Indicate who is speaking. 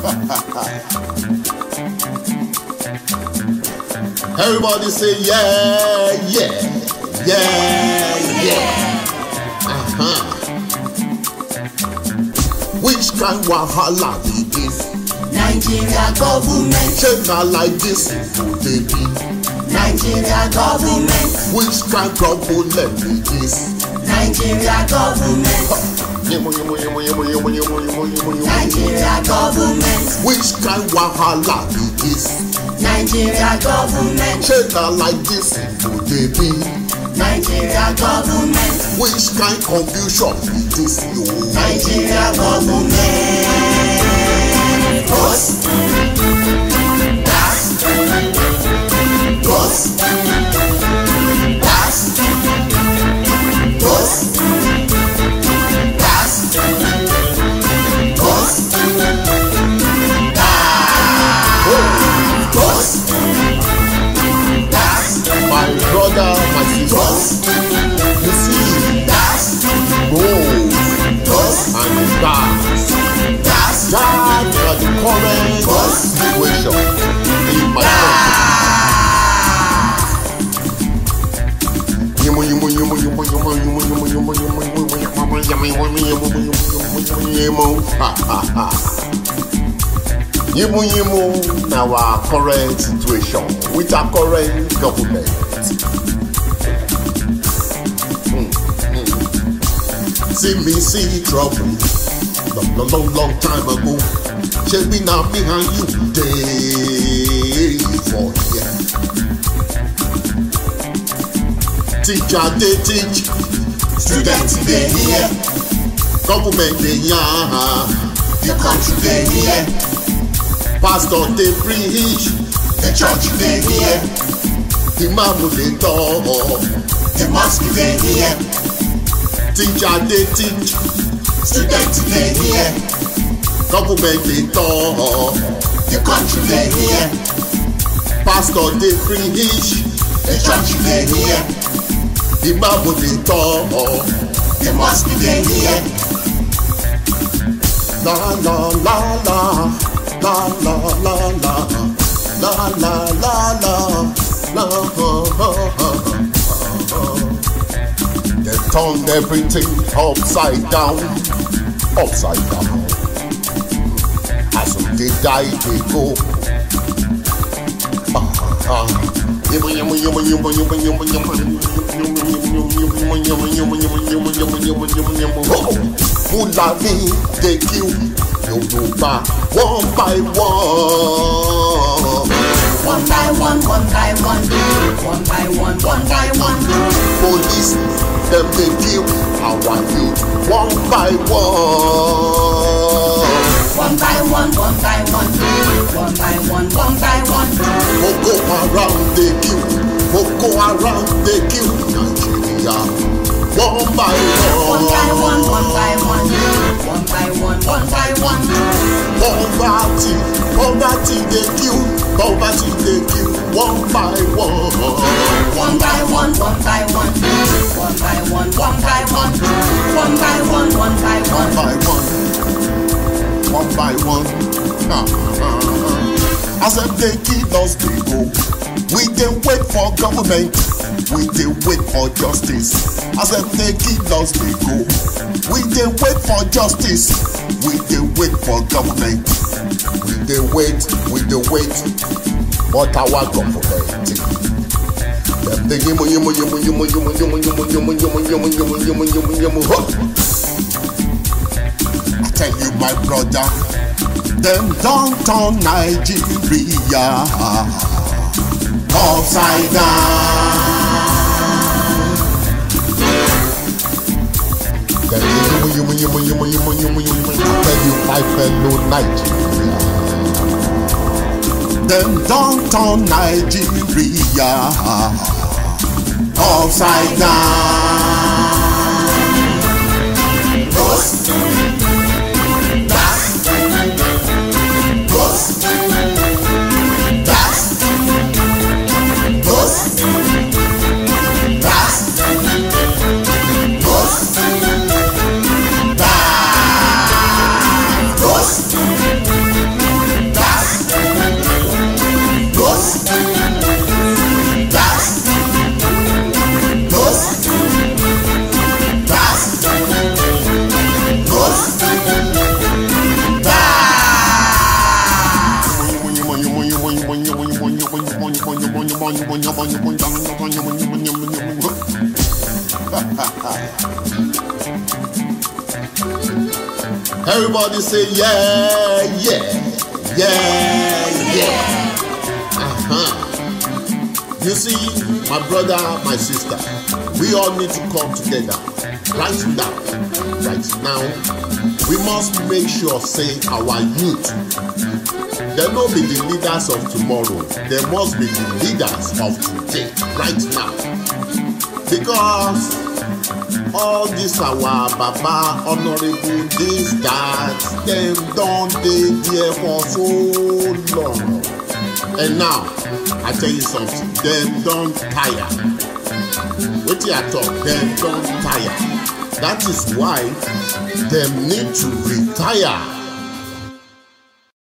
Speaker 1: Everybody
Speaker 2: say yeah, yeah,
Speaker 1: yeah, yeah.
Speaker 2: Uh-huh. Which kind wahala it is? Nigeria government. Say like this go dey be. Nigeria government. Which kind government it is? Nigeria government. Nigeria government. Which kind wahala be this? Nigeria government. Cheddar like this would they be? Nigeria government. Which kind confusion be this? Nigeria government.
Speaker 1: Post.
Speaker 2: Yimu Yimu na our current situation with our current government. Mm, mm. See me see trouble long, long, long, long time ago. Shall we not behind you day for teacher dey teach students dey hear government dey yarn the country dey hear pastor dey preach the church dey hear The imam dey talk the mosque dey hear teacher dey teach students dey hear government dey talk the country dey hear pastor dey preach the church dey hear. the Bible didn't tell must oh. be the end. La la la la la la la la la la la la la oh, oh, oh, oh. They turned everything upside down, upside down. As they die, they go. Ah, ah. Full of me, they kill you, one by one. One by one, one by one, one by one, one by one. Police, them they kill our youth one by one. One by one, one by one, one by one, one by one. Boko Haram. pekin boko haram pekin nàìjíríà one by one. one by one one by one one by one one by one. dey kill poverty dey kill one by one. one by one one by one one by one one by one one by one one by one. one by one one by one. Nah, I said they kill us dey go. We dey wait for government, we dey wait for justice. As dem dey give us dey go. We dey wait for justice, we dey wait for government. We dey wait, we dey wait, but our government. I tell you my brother, dem downtown turn Nigeria. upside down. I Tell you my fellow Nigeria. Them downtown Nigeria upside down. Everybody say yeah, yeah, yeah, yeah. Uh-huh. You see, my brother, my sister, we all need to come together right now, right now, we must make sure say our youth dem no be the leaders of tomorrow dem must be the leaders of today right now because all this our baba honourable this that dem don dey there for so long and now i tell you something dem don tire wetin i talk dem don tire.
Speaker 1: That is why they need to retire